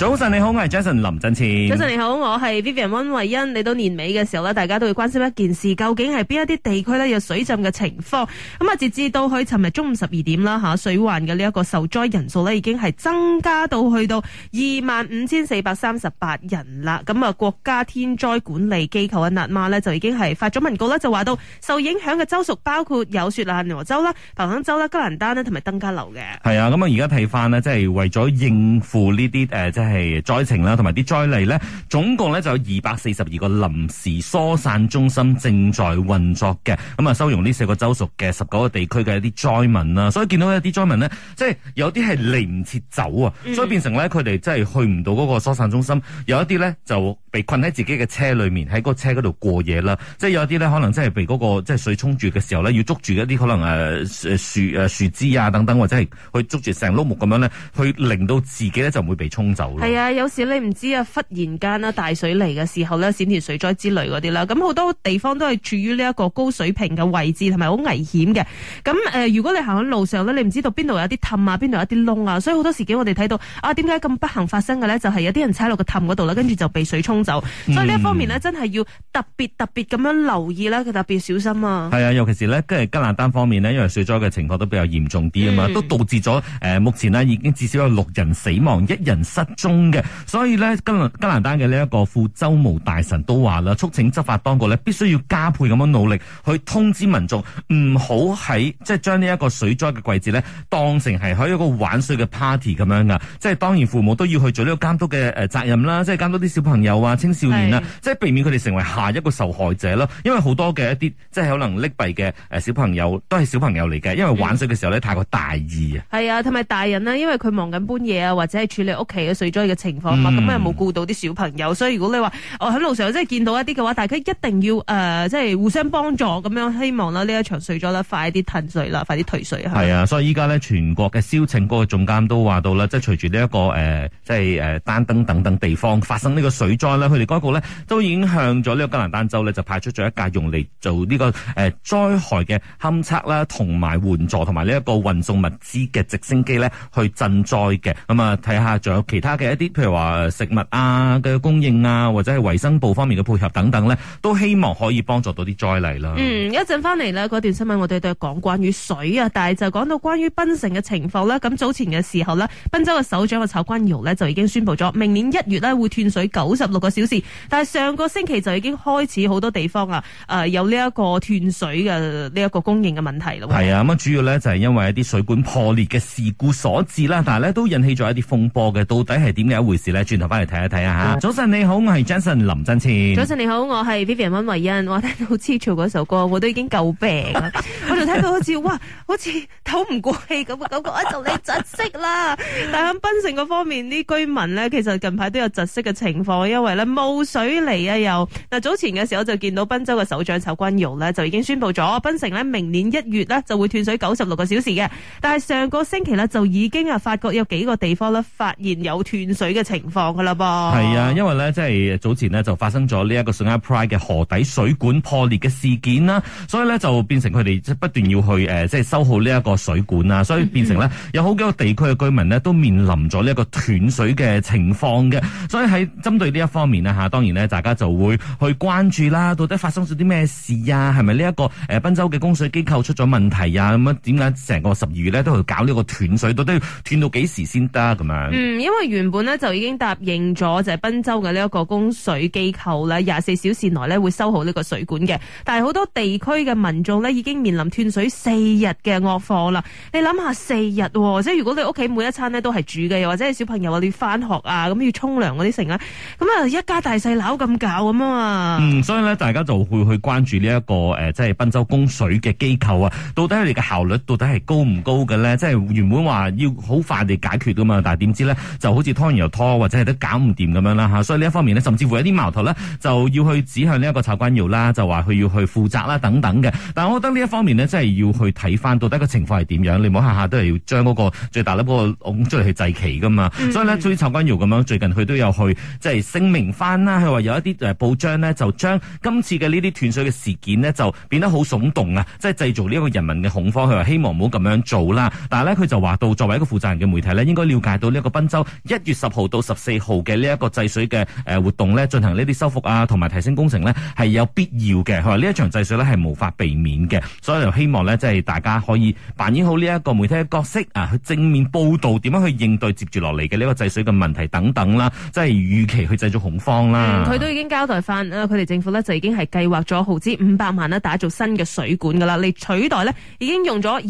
早晨，你好，我係 Jason 林振千。早晨，你好，我係 Vivian 温慧欣。嚟到年尾嘅時候呢大家都會關心一件事，究竟係邊一啲地區呢有水浸嘅情況？咁、嗯、啊，截至到去尋日中午十二點啦，吓、啊、水患嘅呢一個受災人數呢已經係增加到去到二萬五千四百三十八人啦。咁、嗯、啊，國家天災管理機構嘅納媽呢，就已經係發咗文告啦，就話到受影響嘅州屬包括有雪蘭莪州啦、彭亨州啦、吉蘭丹啦，同埋登嘉樓嘅。係啊，咁、嗯、啊，而家睇翻呢，即、就、係、是、為咗應付呢啲誒，呃係災情啦，同埋啲災例咧，總共咧就有二百四十二個臨時疏散中心正在運作嘅，咁啊收容呢四個州屬嘅十九個地區嘅一啲災民啦，所以見到一啲災民咧，即係有啲係離唔切走啊，所以變成咧佢哋即係去唔到嗰個疏散中心，有一啲咧就。被困喺自己嘅車裏面，喺個車嗰度過夜啦。即係有啲咧，可能真係被嗰、嗰個即係水沖住嘅時候咧，要捉住一啲可能誒誒、啊、樹誒、啊、樹枝啊等等，或者係去捉住成碌木咁樣咧，去令到自己咧就唔會被沖走。係啊，有時你唔知啊，忽然間啦，大水嚟嘅時候咧，閃電水災之類嗰啲啦，咁好多地方都係處於呢一個高水平嘅位置，同埋好危險嘅。咁誒、呃，如果你行喺路上咧，你唔知道邊度有啲氹啊，邊度有啲窿啊，所以好多時幾我哋睇到啊，點解咁不幸發生嘅咧？就係、是、有啲人踩落個氹嗰度啦，跟住就被水沖。就，所以呢一方面咧，真係要特別特別咁樣留意啦，佢特別小心啊。係啊，尤其是咧，跟住吉蘭丹方面咧，因為水災嘅情況都比較嚴重啲啊嘛，嗯、都導致咗誒、呃，目前咧已經至少有六人死亡、一人失蹤嘅。所以咧，吉吉蘭丹嘅呢一個副州務大臣都話啦，促請執法當局咧，必須要加倍咁樣努力去通知民眾，唔好喺即係將呢一個水災嘅季節咧，當成係喺一個玩水嘅 party 咁樣噶。即係當然，父母都要去做呢個監督嘅誒責任啦，即係監督啲小朋友啊。青少年啊，是即係避免佢哋成為下一個受害者咯。因為好多嘅一啲即係可能溺斃嘅誒小朋友，都係小朋友嚟嘅。因為玩水嘅時候咧，嗯、太過大意是啊。係啊，同埋大人呢，因為佢忙緊搬嘢啊，或者係處理屋企嘅水災嘅情況嘛，咁又冇顧到啲小朋友。所以如果你話、哦、我喺路上即係見到一啲嘅話，大家一定要誒、呃，即係互相幫助咁樣，希望啦呢一場水災咧，快啲褪水啦，快啲退水啊。係啊，所以依家咧，全國嘅消拯個總監都話到啦，即係隨住呢一個誒、呃，即係誒丹登等等地方發生呢個水災佢哋嗰個咧都已經向咗呢個吉蘭丹州呢，就派出咗一架用嚟做呢、這個誒、呃、災害嘅勘測啦，同埋援助同埋呢一個運送物資嘅直升機呢去賑災嘅。咁、嗯、啊，睇下仲有其他嘅一啲，譬如話食物啊嘅供應啊，或者係衞生部方面嘅配合等等呢，都希望可以幫助到啲災黎啦。嗯，一陣翻嚟呢嗰段新聞，我哋都係講關於水啊，但係就講到關於檳城嘅情況咧。咁早前嘅時候呢，檳州嘅首長嘅曹觀友呢，就已經宣布咗明年一月呢會斷水九十六個小事，但係上個星期就已經開始好多地方啊，誒、呃、有呢一個斷水嘅呢一個供應嘅問題咯。係啊，咁啊主要咧就係因為一啲水管破裂嘅事故所致啦。但係咧都引起咗一啲風波嘅，到底係點嘅一回事咧？轉頭翻嚟睇一睇啊吓！嗯、早晨你好，我係 Jason 林振清。早晨你好，我係 Vivian 溫慧欣。我聽到好 cheap 潮嗰首歌，我都已經夠病啦。 我仲聽到好似哇，好似唞唔過氣咁， 感覺就你窒息啦。 但係喺檳城嗰方面，啲居民咧其實近排都有窒息嘅情況，因為。啦，冇水嚟啊！又嗱，早前嘅時候就見到檳州嘅首長丑君用咧，就已經宣布咗檳城咧明年一月咧就會斷水九十六個小時嘅。但係上個星期咧就已經啊發覺有幾個地方咧發現有斷水嘅情況噶啦噃。係啊，因為咧即係早前咧就發生咗呢一個 Spring 嘅河底水管破裂嘅事件啦，所以咧就變成佢哋即係不斷要去誒、呃、即係修好呢一個水管啊，所以變成咧 有好幾個地區嘅居民咧都面臨咗呢一個斷水嘅情況嘅。所以喺針對呢一方。方面啦嚇，當然咧，大家就會去關注啦，到底發生咗啲咩事啊？係咪呢一個誒，賓州嘅供水機構出咗問題啊？咁樣點解成個十二月咧都去搞呢個斷水？到底要斷到幾時先得咁樣？嗯，因為原本呢就已經答應咗就係賓州嘅呢一個供水機構咧，廿四小時內咧會收好呢個水管嘅。但係好多地區嘅民眾呢已經面臨斷水四日嘅惡況啦。你諗下四日喎，即係如果你屋企每一餐呢都係煮嘅，又或者係小朋友啊要翻學啊咁要沖涼嗰啲成啦，咁啊～一家大細樓咁搞咁啊！嗯，所以咧，大家就會去關注呢、這、一個誒，即、呃、係、就是、賓州供水嘅機構啊，到底佢哋嘅效率到底係高唔高嘅咧？即、就、係、是、原本話要好快地解決噶嘛，但係點知咧就好似拖完又拖，或者係都搞唔掂咁樣啦、啊、所以呢一方面呢，甚至乎有啲矛頭咧，就要去指向呢一個蔡君耀啦，就話佢要去負責啦等等嘅。但我覺得呢一方面呢，即、就、係、是、要去睇翻到底個情況係點樣。你唔好下下都係要將嗰個最大粒嗰個推出嚟去祭旗噶嘛。嗯、所以呢，對於蔡君耀咁樣，最近佢都有去即係、就是、聲明。翻啦，佢話有一啲誒報章咧，就將今次嘅呢啲斷水嘅事件咧，就變得好聳動啊！即係製造呢一個人民嘅恐慌。佢話希望唔好咁樣做啦。但係咧，佢就話到作為一個負責人嘅媒體咧，應該了解到呢一個賓州一月十號到十四號嘅呢一個製水嘅誒活動咧，進行呢啲修復啊，同埋提升工程咧係有必要嘅。佢話呢一場製水咧係無法避免嘅，所以就希望咧即係大家可以扮演好呢一個媒體嘅角色啊，去正面報道點樣去應對接住落嚟嘅呢個製水嘅問題等等啦，即係預期去製造恐情啦，佢、嗯、都已經交代翻，佢哋政府咧就已經係計劃咗耗資五百萬咧，打造新嘅水管噶啦，嚟取代咧已經用咗二十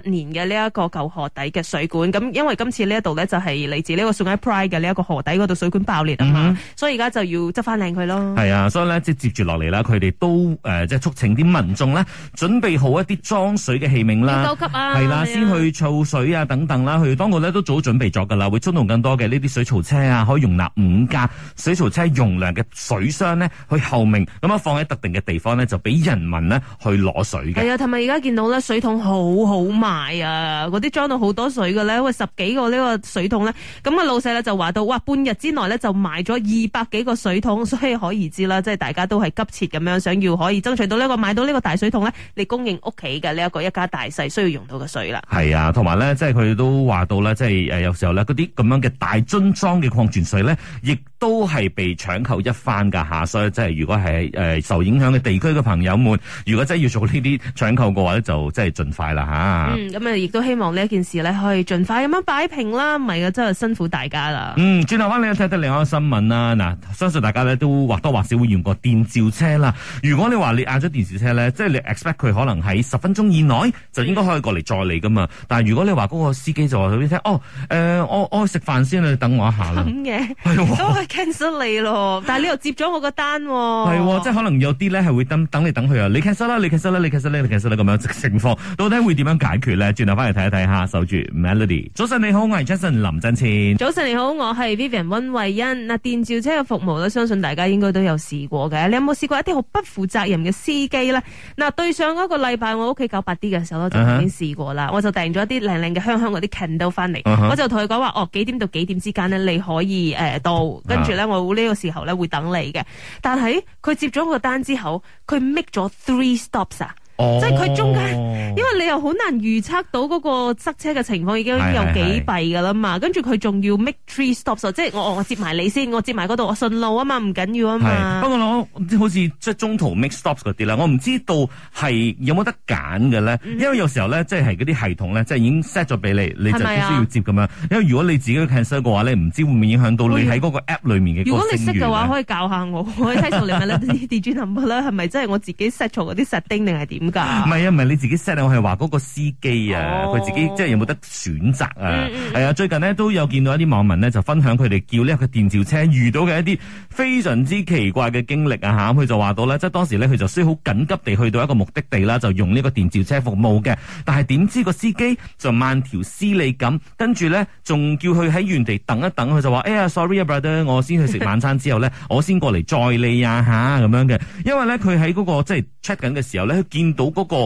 七年嘅呢一個舊河底嘅水管。咁因為今次呢一度咧就係、是、嚟自呢個 Sungai Pride 嘅呢一個河底嗰度水管爆裂啊嘛、嗯哼嗯，所以而家就要執翻靚佢咯。係啊，所以咧即接住落嚟啦，佢哋都誒即係促請啲民眾咧，準備好一啲裝水嘅器皿啦，要多啊，係啦，先去儲水啊等等啦。佢當局咧都早準備咗噶啦，會出動更多嘅呢啲水槽車啊，可以容納五架水槽用量嘅水箱呢，去後面咁樣放喺特定嘅地方呢，就俾人民呢去攞水。係啊，同埋而家見到咧，水桶好好賣啊！嗰啲裝到好多水嘅咧，喂，十幾個呢個水桶咧，咁啊，老細咧就話到，哇，半日之內咧就賣咗二百幾個水桶，所以可以知啦，即係大家都係急切咁樣，想要可以爭取到呢個，買到呢個大水桶咧，嚟供應屋企嘅呢一個一家大細需要用到嘅水啦。係啊，同埋咧，即係佢都話到啦，即係誒，有時候咧，嗰啲咁樣嘅大樽裝嘅礦泉水咧，亦都係。被搶購一番㗎吓，所以即係如果係誒受影響嘅地區嘅朋友們，如果真係要做呢啲搶購嘅話咧，就真係盡快啦吓。咁啊、嗯，亦都希望呢一件事咧可以盡快咁樣擺平啦，唔係嘅真係辛苦大家啦。嗯，轉頭翻嚟睇睇另外一個新聞啦。嗱，相信大家咧都或多或少會用過電召車啦。如果你話你嗌咗電召車咧，即係你 expect 佢可能喺十分鐘以內就應該可以過嚟載你㗎嘛。但係如果你話嗰個司機就話你聽，哦，誒、呃，我我去食飯先啦，你等我一下啦。嘅都係 c 係咯，但係你又接咗我個單、哦，係、 哦、即係可能有啲咧係會等等你等佢啊，你其實咧，你其實咧，你其實咧，你其實咧咁樣情況，到底會點樣解決咧？轉頭翻嚟睇一睇下。守住 Melody。早晨你好，我係 Jason 林振千。早晨你好，我係 Vivian 温慧欣。嗱，電召車嘅服務咧，相信大家應該都有試過嘅。你有冇試過一啲好不負責任嘅司機咧？嗱、呃，對上嗰個禮拜我屋企搞白啲嘅時候咧，就已經試過啦。Uh huh. 我就訂咗一啲靚靚嘅香香嗰啲 candle 翻嚟，uh huh. 我就同佢講話，哦，幾點到幾點之間咧，你可以誒、呃、到，跟住咧我會。呢個時候咧會等你嘅，但係佢接咗個單之後，佢 make 咗 three stops 啊。哦、即係佢中間，因為你又好難預測到嗰個塞車嘅情況已經有幾弊噶啦嘛，是是是跟住佢仲要 make three stops，即係我我接埋你先，我接埋嗰度，我順路啊嘛，唔緊要啊嘛。不過我好似即係中途 make stops 嗰啲啦，我唔知道係有冇得揀嘅咧，嗯、因為有時候咧即係嗰啲系統咧即係已經 set 咗俾你，你就必須要接咁樣。是是啊、因為如果你自己 cancel 嘅話你唔知會唔會影響到你喺嗰個 app 裏面嘅。如果你識嘅話，可以教下我，我睇你我哋你啦地啦，係咪 真係我自己 set 錯嗰啲 setting 定係點？唔係啊，唔係你自己 set 我係話嗰個司機啊，佢、oh. 自己即係有冇得選擇啊？Mm hmm. 係啊，最近呢，都有見到一啲網民呢，就分享佢哋叫呢個個電召車遇到嘅一啲非常之奇怪嘅經歷啊！嚇、啊，佢就話到呢，即係當時呢，佢就需要好緊急地去到一個目的地啦，就用呢個電召車服務嘅。但係點知個司機就慢條斯理咁，跟住呢，仲叫佢喺原地等一等。佢就話：哎呀，sorry、啊、brother，我先去食晚餐之後呢， 我先過嚟載你啊咁、啊、樣嘅。因為呢，佢喺嗰個即係 check 緊嘅時候呢，佢見。到嗰個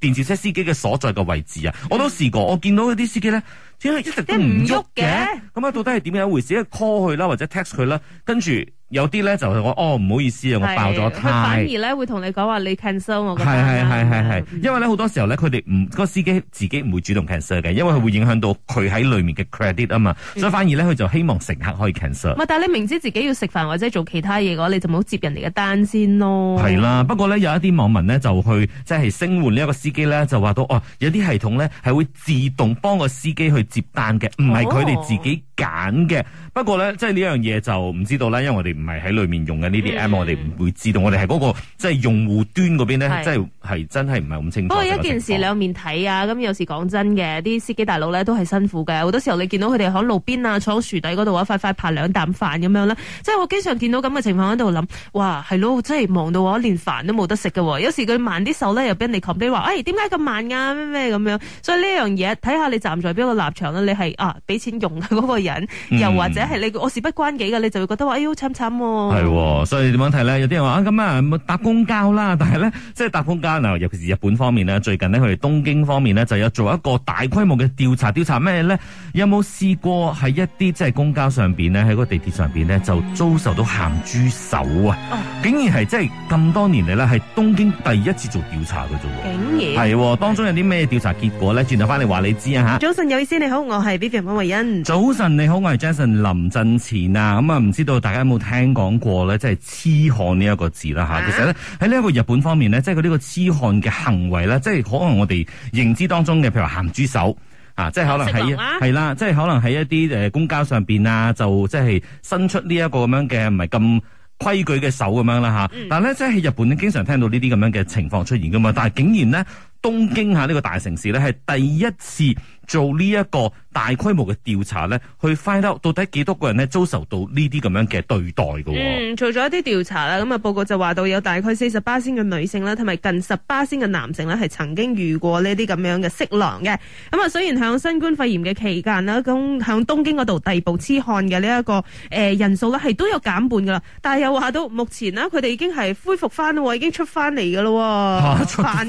電召車司機嘅所在嘅位置啊，我都試過。我見到一啲司機咧。即係一直唔喐嘅，咁啊到底係點樣一回事？即係 call 佢啦，或者 text 佢啦，跟住有啲咧就係我哦唔好意思啊，對我爆咗胎。反而咧會同你講話你 cancel 我係係係係因為咧好多時候呢，佢哋唔個個司機自己唔會主動 cancel 嘅，因為佢會影響到佢喺裏面嘅 credit 啊嘛、嗯，所以反而咧佢就希望乘客可以 cancel。嗯、但係你明知自己要食飯或者做其他嘢嘅話，你就冇接人哋嘅單先咯。係啦，不過咧有一啲網民咧就去即係、就是、聲援呢一個司機咧，就話到哦有啲系統咧係會自動幫個司機去。接單嘅唔係佢哋自己揀嘅，哦哦、不過咧即係呢樣嘢就唔知道啦，因為我哋唔係喺裏面用緊呢啲 App，我哋唔會知道，我哋係嗰個即係用戶端嗰邊咧，是即係係真係唔係咁清楚。不過、哦、一件事兩面睇啊，咁有時講真嘅，啲司機大佬咧都係辛苦嘅，好多時候你見到佢哋喺路邊啊，坐喺樹底嗰度啊，快快拍兩啖飯咁樣咧，即係我經常見到咁嘅情況喺度諗，哇係咯，真係忙到我連飯都冇得食嘅、啊，有時佢慢啲手咧又俾人哋 complain 話，誒點解咁慢啊咩咩咁樣，所以呢樣嘢睇下你站在邊個立長你係啊俾錢用嗰個人，嗯、又或者係你我事不關己嘅，你就會覺得話哎喲慘慘喎、啊。係、哦，所以點樣睇咧？有啲人話啊咁啊搭公交啦，但係咧即係搭公交尤其是日本方面呢，最近咧佢哋東京方面呢，就有做一個大規模嘅調查，調查咩咧？有冇試過喺一啲即係公交上邊咧，喺個地鐵上邊咧就遭受到鹹豬手啊！啊竟然係即係咁多年嚟咧，係東京第一次做調查嘅啫喎！竟然係、哦、當中有啲咩調查結果咧？轉頭翻嚟話你知啊嚇！早晨有意思你你好，我係 B B 黃慧欣。早晨，你好，我係 Jason 林振前啊。咁啊，唔知道大家有冇聽講過咧，即係癡漢呢一個字啦吓。啊、其實咧喺呢一個日本方面咧，即係佢呢個癡漢嘅行為咧，即係可能我哋認知當中嘅，譬如鹹豬手啊，即係可能喺係啦，即係可能喺一啲誒公交上邊啊，就即係伸出呢一個咁樣嘅唔係咁規矩嘅手咁樣啦吓、啊。但係咧，即係日本咧，經常聽到呢啲咁樣嘅情況出現噶嘛。但係竟然咧。東京下呢個大城市咧，係第一次做呢一個大規模嘅調查咧，去 find out 到底幾多個人呢遭受到呢啲咁樣嘅對待嘅。嗯，做咗一啲調查啦，咁啊報告就話到有大概四十八巴仙嘅女性啦，同埋近十八巴仙嘅男性呢係曾經遇過呢啲咁樣嘅色狼嘅。咁啊，雖然喺新冠肺炎嘅期間啦，咁喺東京嗰度逮捕痴漢嘅呢一個誒人數咧係都有減半噶啦，但係又話到目前啦，佢哋已經係恢復翻喎，已經出翻嚟噶啦，啊、犯案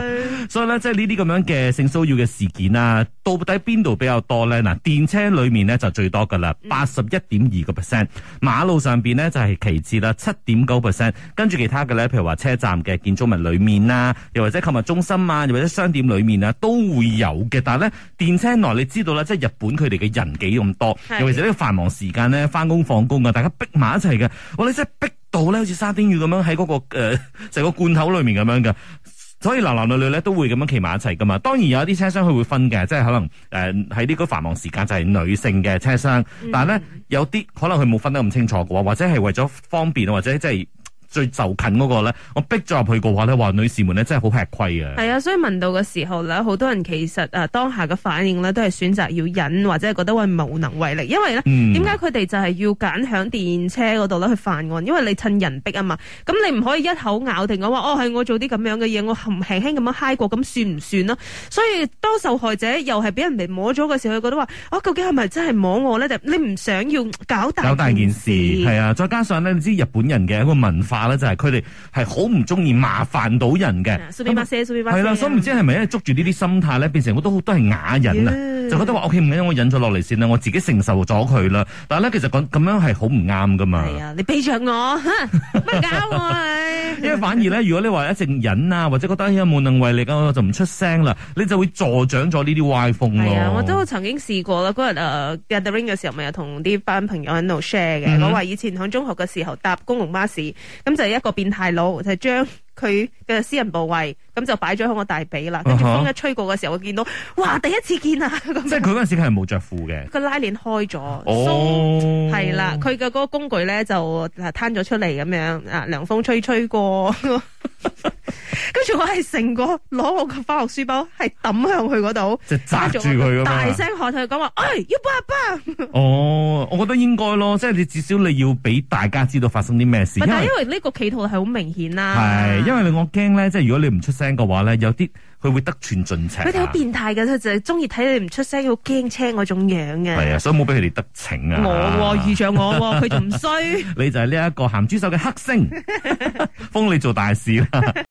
是所以咧，即係呢啲咁樣嘅性騷擾嘅事件啊，到底邊度比較多咧？嗱，電車裏面咧就最多噶啦，八十一點二個 percent，馬路上邊咧就係其次啦，七點九 percent，跟住其他嘅咧，譬如話車站嘅建築物裏面啊，又或者購物中心啊，又或者商店裏面啊，都會有嘅。但係咧，電車內你知道啦，即係日本佢哋嘅人幾咁多，尤其是呢個繁忙時間咧，翻工放工啊，大家逼埋一齊嘅，我哋真係逼到咧，好似沙丁魚咁樣喺嗰、嗰個誒成、呃、個罐頭裏面咁樣㗎。所以男男女女咧都會咁樣企埋一齊噶嘛，當然有一啲車廂佢會分嘅，即係可能誒喺呢個繁忙時間就係女性嘅車廂，嗯、但係咧有啲可能佢冇分得咁清楚嘅話，或者係為咗方便，或者即係。最就近嗰個咧，我逼咗入去嘅話咧，話女士們咧真係好吃虧嘅。係啊，所以問到嘅時候咧，好多人其實啊當下嘅反應咧，都係選擇要忍，或者係覺得話無能為力。因為咧，點解佢哋就係要揀響電車嗰度咧去犯案？因為你趁人逼啊嘛，咁你唔可以一口咬定我話哦係我做啲咁樣嘅嘢，我含輕輕咁樣嗨過咁算唔算囉？所以當受害者又係俾人哋摸咗嘅時候，佢覺得話我、哦、究竟係咪真係摸我咧？你唔想要搞大搞大件事係啊？再加上咧，你知日本人嘅一個文化。就係佢哋係好唔中意麻煩到人嘅，係啦 Yeah, 麼，所以唔知係咪因為捉住呢啲心態咧，變成好多好多係啞忍啊，Yeah. 就覺得話，OK，唔緊要，我忍咗落嚟先啦，我自己承受咗佢啦。但係咧，其實講咁樣係好唔啱噶嘛。係啊，你俾着我，乜 搞啊？ 因為反而咧，如果你話一直忍啊，或者覺得有無能為力啊，我就唔出聲啦，你就會助長咗呢啲歪風咯。係啊，我都曾經試過啦。嗰日誒、uh, gathering 嘅時候，咪又同啲班朋友喺度 share 嘅，嗯、哼我話以前響中學嘅時候搭公共巴士，咁就一個變態佬就將佢嘅私人部位咁就擺咗喺我大髀啦，跟住風一吹過嘅時候，我見到哇，第一次見啊！那個、即係佢嗰陣時係冇着褲嘅，個拉鏈開咗，係啦、哦，佢嘅嗰個工具咧就攤咗出嚟咁樣啊，涼風吹吹。去過，跟住 我係成個攞我個化學書包，係抌向佢嗰度，即係砸住佢，大聲學佢講話，哎，要爸爸！Bad, bad」哦，我覺得應該咯，即係你至少你要俾大家知道發生啲咩事。但係不因為呢個企圖係好明顯啦，係因為你我驚咧，即係如果你唔出聲嘅話咧，有啲。佢會得寸進尺，啊，佢哋好變態㗎。佢就係中意睇你唔出聲，好驚青嗰種樣嘅，啊。係啊，所以冇俾佢哋得逞啊！我遇、哦、着我、哦，佢就唔衰。 你就係呢一個鹹豬手嘅黑星， 封你做大事啦！